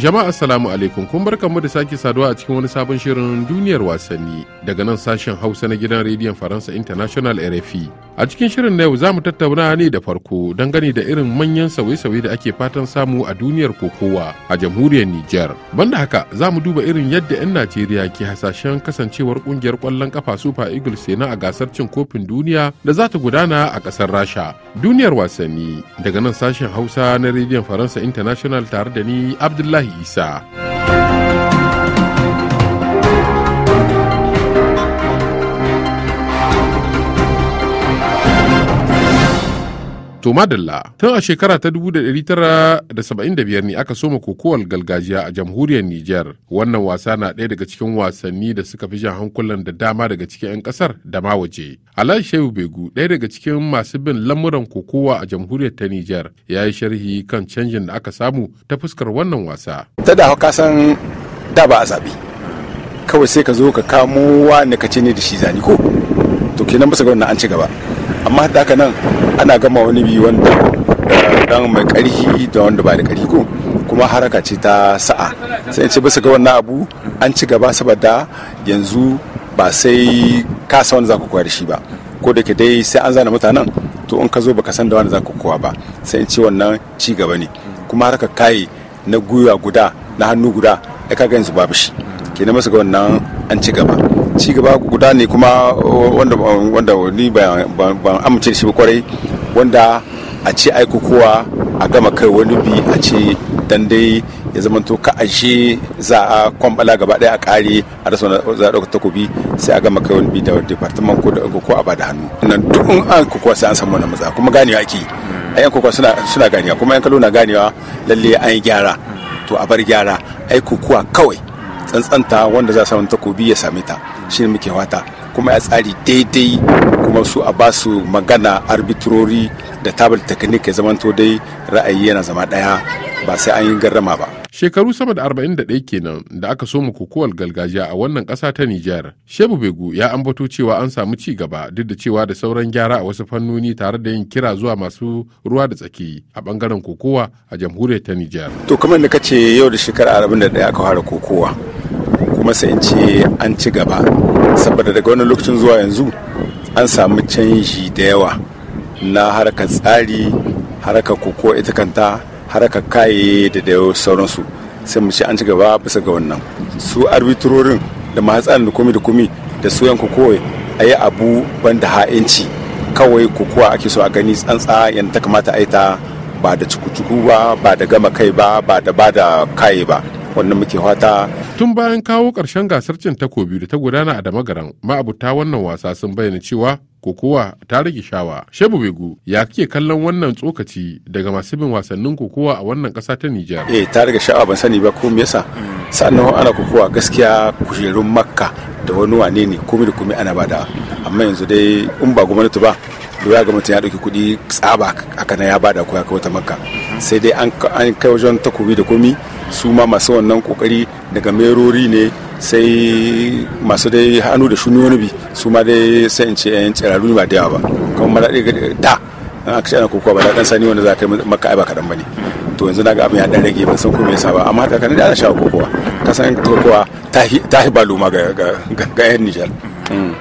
Jama'a assalamu alaikum kun bar mu da sake saduwa a cikin wani sabon shirin duniyar wasanni daga nan sashen Hausa na gidan rediyon Faransa International RFI. A cikin shirin na yau za mu tattauna ne da farko don gani da irin manyan sauye-sauye da ake fatan samu a duniyar kokowa a jamhuriyar Nijar. Banda haka za mu duba irin yadda 'yan Najeriya ke hasashen kasancewar kungiyar kwallon kafa Super Eagles na a gasar cin kofin duniya da za ta gudana a kasar Rasha. Duniyar wasanni daga nan sashen Hausa na rediyon Faransa International tare da ni Abdullahi 一下。To madalla tun a shekara ta 1975 ne aka soma kokowar gargajiya a jamhuriyar Nijar. Wannan wasa na ɗaya daga cikin wasanni da suka fi jan hankulan da dama daga cikin 'yan kasar da ma waje. Alhaji Shehu Begu ɗaya daga cikin masu bin lamuran kokowa a jamhuriyar ta Nijar ya yi sharhi kan canjin da aka samu ta fuskar wannan wasa. Ta da ka san da ba a zaɓi. Kawai sai ka zo ka kamo wa ne ka ce ne da shi zani ko? To kenan su ga wannan an ci gaba. amma haka nan ana gama wani biyu wanda dan mai karfi da wanda ba da ƙarfi ko kuma haraka ce ta sa'a sai ce bisa ga wannan abu an ci gaba saboda yanzu ba sai ka san wanda za ku koyar shi ba ko da ke dai sai an zana mutanen to in ka zo baka san da wanda za ku kowa ba sai in ce wannan ci gaba ne kuma haraka kai na gwiwa guda na hannu guda ya kaga yanzu babu shi kenan masa ga wannan an ci gaba ci gaba guda ne kuma wanda wanda ni ban amince shi kwarai wanda a ce ai kowa a gama kai wani bi a ce dan dai ya zama to ka ashe za a kwambala gaba daya a kare a rasa za a ɗauka takobi sai a gama kai wani bi da department ko da ko a bada hannu nan duk in an kokowa sai an samu wani maza kuma ganewa ake hmm. a yan kokowa suna suna ganewa kuma yan kalo na ganewa lalle an yi gyara hmm. to a bar gyara ai kokowa kawai hmm. tsantsanta wanda za a samu takobi ya same ta shi ne muke wata kuma ya tsari daidai kuma su a basu magana arbitrori da tabal teknik ya zamanto dai ra'ayi yana zama daya ba sai an yi garrama ba shekaru sama da 41 kenan da aka so mu kokowar gargajiya a wannan kasa ta Nijar. Shebu Begu ya ambato cewa an samu ci gaba duk da cewa da sauran gyara a wasu fannoni tare da yin kira zuwa masu ruwa da tsaki a bangaren kokowa a jamhuriyar ta Nijar. To kamar da kace yau da shekara 41 aka fara kokowa. kuma sai in ce an ci gaba saboda daga wani lokacin zuwa yanzu an samu canji da yawa na harkar tsari harkar koko ita kanta harkar kaye da da sauransu sai mu ce an ci gaba bisa ga wannan su arbitrorin da mahatsarin da komi da komi da su yanku kowai a yi abu banda ha'inci kawai kokowa ake so a gani tsantsa yadda ta kamata a yi ta ba da cuku-cuku ba ba da gama kai ba ba da ba da kaye ba wannan muke fata tun bayan kawo ƙarshen gasar cin takobi da ta gudana a damagaran ma'abuta wannan wasa sun bayyana cewa kokowa ta rage shawa shebu begu ya kike kallon wannan tsokaci daga masu bin wasannin kokowa a wannan ƙasa ta nijar eh ta rage shawa ban sani ba ko me yasa sannan ana kokowa gaskiya kujerun makka da wani wane ne komai da komai ana bada amma yanzu dai in ba gwamnati ba lura ga mutum ya ɗauki kuɗi tsaba aka na ya bada ko ya kai wata makka sai dai an kai wajen takobi da komi su ma masu wannan kokari daga merori ne sai masu dai hannu da shuni wani bi su ma dai sai in ce yan tsirarru ba da yawa ba kuma maraɗi da an aka ce ana kokowa ba da ɗan sani wanda za ka yi makka ai ba kaɗan ba ne to yanzu na ga abin ya ɗan rage ban san ko me yasa ba amma haka ne da ana shawo kokowa ka san kokowa ta hi luma ga ga 'yan nijar mm.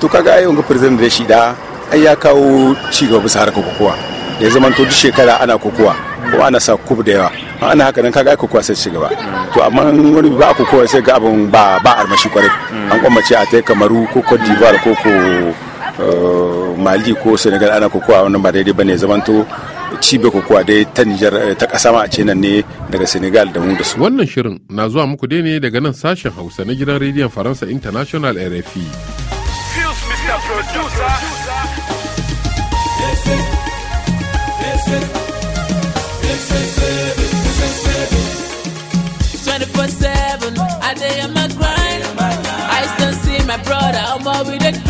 to kaga ai wanga president da shi da ai ya kawo ci bisa harkar kokowa da ya zamanto duk shekara ana kokowa kuma ana sa kub da yawa ana haka nan kaga kokowa sai ci gaba to amma wani ba kokowa sai ga abin ba ba armashi kwarai an kwamace a tai kamaru ko cote d'ivoire ko ko eh, mali ko senegal ana kokowa wannan ba daidai bane zamanto cibe kokowa dai ta nijar eh, ta kasa ma a ce nan ne daga senegal da mu da su wannan shirin na zuwa muku dai ne daga nan sashen hausa na gidan rediyon faransa international rfi I'ma be did.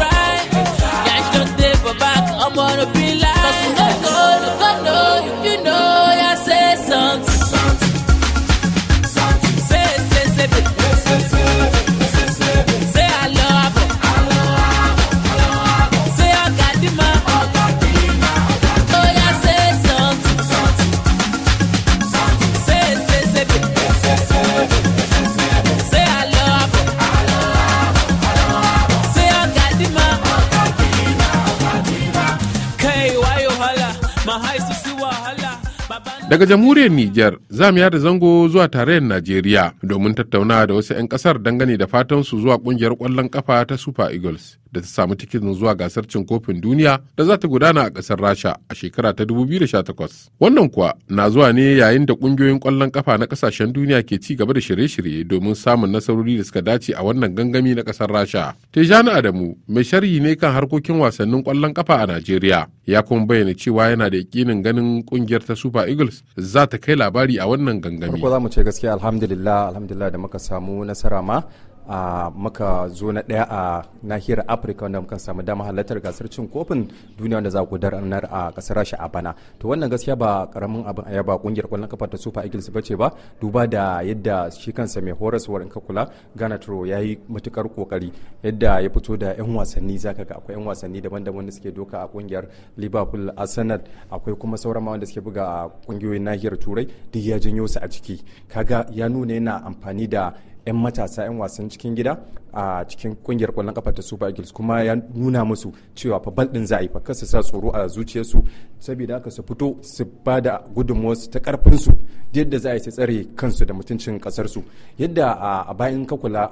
Daga jamhuriyar Nijar za mu yada zango zuwa tarayyar Najeriya domin tattauna da wasu 'yan kasar dangane da fatan su zuwa kungiyar kwallon kafa ta Super Eagles. da ta samu tikitin zuwa gasar cin kofin duniya da za ta gudana a ƙasar rasha a shekara ta 2018 wannan kuwa na zuwa ne yayin da ƙungiyoyin kwallon kafa na ƙasashen duniya ke ci gaba da shirye-shirye domin samun nasarori da suka dace a wannan gangami na kasar rasha tejani adamu mai sharhi ne kan harkokin wasannin kwallon kafa a najeriya ya kuma bayyana cewa yana da yakinin ganin ƙungiyar ta super eagles za ta kai labari a wannan gangami farko za mu ce gaskiya alhamdulillah alhamdulillah da muka samu nasara ma a maka zo na ɗaya a nahiyar afirka wanda muka samu dama halartar gasar cin kofin duniya wanda za ku gudanar a ƙasar rasha a bana to wannan gaskiya ba karamin abin a yaba kungiyar kwallon kafa ta super eagles ba ce ba duba da yadda shi kansa mai horaswar in ka kula ghana tro ya yi matukar kokari yadda ya fito da yan wasanni zaka ga akwai yan wasanni daban-daban da suke doka a kungiyar liverpool arsenal akwai kuma sauran ma wanda suke buga a kungiyoyin nahiyar turai duk ya janyo su a ciki kaga ya nuna yana amfani da 'yan matasa 'yan wasan cikin gida a cikin kungiyar kwallon kafa ta Super Eagles kuma ya nuna musu cewa fa baldin za a yi fa su sa tsoro a zuciyarsu saboda haka su fito su ba da gudunmuwarsu ta karfin yadda za a yi tsare kansu da mutuncin kasarsu yadda a bayan ka kula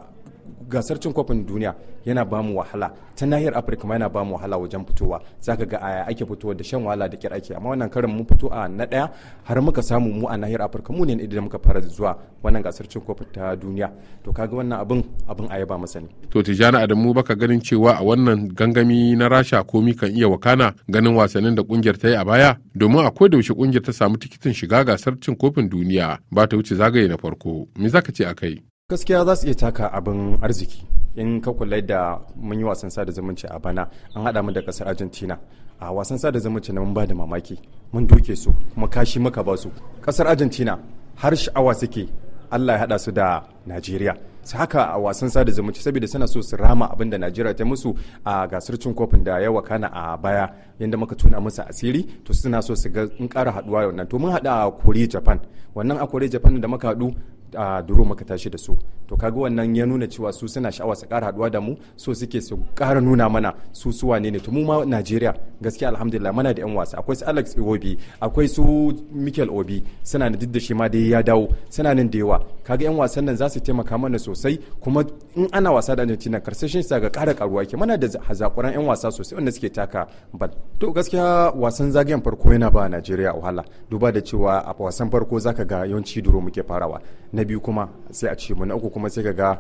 gasar cin kofin duniya yana ba mu wahala ta nahiyar afirka ma yana ba mu wahala wajen fitowa zaka ga aya ake fitowa da shan wahala da kyar ake amma wannan karin mun fito a na daya har muka samu mu a nahiyar afirka mu ne idan muka fara zuwa wannan gasar cin kofin ta duniya to ka ga wannan abin abin a yaba masa ne to tijana mu baka ganin cewa a wannan gangami na rasha komi kan iya wakana ganin wasannin da kungiyar ta yi a baya domin a koda yaushe kungiyar ta samu tikitin shiga gasar cin kofin duniya ba ta wuce zagaye na farko me zaka ce akai gaskiya za su iya taka abin arziki in ka kula da mun yi wasan sada zumunci a bana an hada mu da kasar argentina a wasan sada zumunci na mun ba da mamaki mun duke su kuma kashi muka ba su ƙasar argentina har sha'awa suke allah ya haɗa su da najeriya su haka a wasan sada zumunci saboda suna so su rama abin da najeriya ta musu a gasar cin kofin da ya wakana a baya yadda muka tuna musu asiri to suna so su ga in ƙara haɗuwa nan to mun hada a kore japan wannan a kore japan da muka haɗu a duro maka tashi da su to kaga wannan ya nuna cewa su suna sha'awa su kara haduwa da mu so suke su kara nuna mana su su wane ne to mu ma Najeriya gaskiya alhamdulillah mana da yan wasa akwai su Alex Iwobi akwai su Mikel Obi suna da duk da shi ma da ya dawo suna nan da yawa kaga yan wasan nan za su taimaka mana sosai kuma in ana wasa da Argentina karsashin sa ga kara karuwa ke mana da hazakuran yan wasa sosai wanda suke taka bal to gaskiya wasan zagayen farko yana ba Najeriya wahala duba da cewa a wasan farko zaka ga yawanci duro muke farawa na biyu kuma sai a ce mu na uku kuma sai kaga ga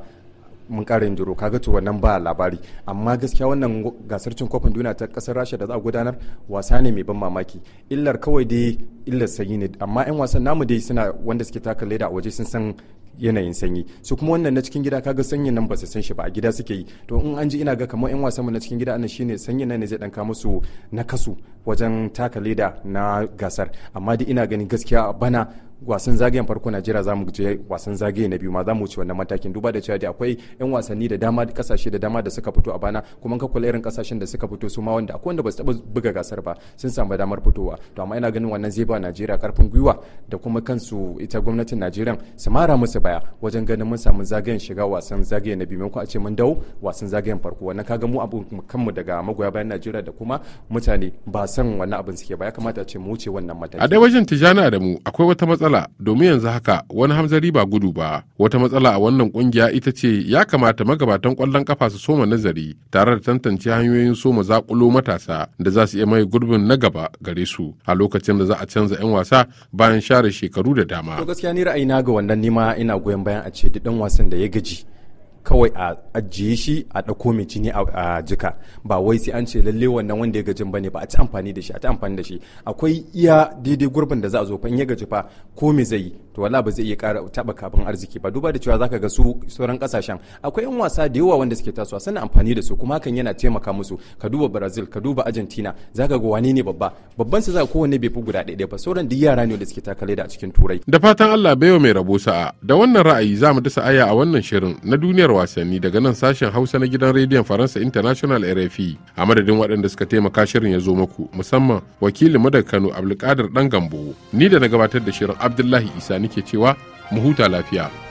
mun ƙara yin duro kaga to wannan ba labari amma gaskiya wannan gasar cin kofin duniya ta kasar rasha da za a gudanar wasa ne mai ban mamaki illar kawai dai illar sanyi ne amma 'yan wasan namu dai suna wanda suke taka leda a waje sun san yanayin sanyi su kuma wannan na cikin gida kaga sanyin nan ba su san shi ba a gida suke yi to in an ji ina ga kamar yan wasan mu na cikin gida ana shine sanyin nan ne zai dan ka musu na kasu wajen taka leda na gasar amma dai ina ganin gaskiya bana wasan zagayen farko Najeriya za mu je wasan zagaye na biyu ma za mu wuce wannan matakin duba da cewa akwai yan wasanni da dama kasashe da dama da suka fito a bana kuma ka kula irin kasashen da suka fito su ma wanda akwai wanda ba su taba buga gasar ba sun samu damar fitowa to amma ina ganin wannan zai ba Najeriya karfin gwiwa da kuma kansu ita gwamnatin Najeriya su mara musu baya wajen ganin mun samu zagayen shiga wasan zagaye na biyu ko a ce mun dawo wasan zagayen farko wannan kaga mu abu kanmu daga magoya bayan Najeriya da kuma mutane ba san wannan abin suke ba ya kamata a ce mu wuce wannan matakin a dai wajen da mu akwai wata matsala matsala domin yanzu haka wani hamzari ba gudu ba wata matsala a wannan kungiya ita ce ya kamata magabatan kwallon kafa su soma nazari tare da tantance hanyoyin soma zakulo matasa da za su iya mai gurbin na gaba gare su a lokacin da za a canza 'yan wasa bayan share shekaru da dama. To gaskiya ni ra'ayina ga wannan nima ina goyon bayan a ce duk dan wasan da ya gaji kawai a ajiye shi a ɗauko mai jini a jika ba wai sai an ce lalle wannan wanda ya gajin bane ba a ci amfani da shi a ci amfani da shi akwai iya daidai gurbin da za a zo fa in ya gaji fa ko me zai yi to wala ba zai iya kara taɓa kafin arziki ba duba da cewa zaka ga su sauran kasashen akwai yan wasa da yawa wanda suke tasowa suna amfani da su kuma hakan yana taimaka musu ka duba brazil ka duba argentina zaka ga wane ne babba babban su za kowanne bai fi guda ɗaya ba sauran duk yara ne da suke takale da a cikin turai da fatan allah baiwa mai rabo sa'a da wannan ra'ayi za mu dasa aya a wannan shirin na duniyar wasanni daga nan sashen hausa na gidan rediyon faransa international rfi a madadin waɗanda suka taimaka shirin ya zo muku musamman wakilin mu kano abdulkadir dan gambo ni da na gabatar da shirin abdullahi isa muke cewa mu huta lafiya.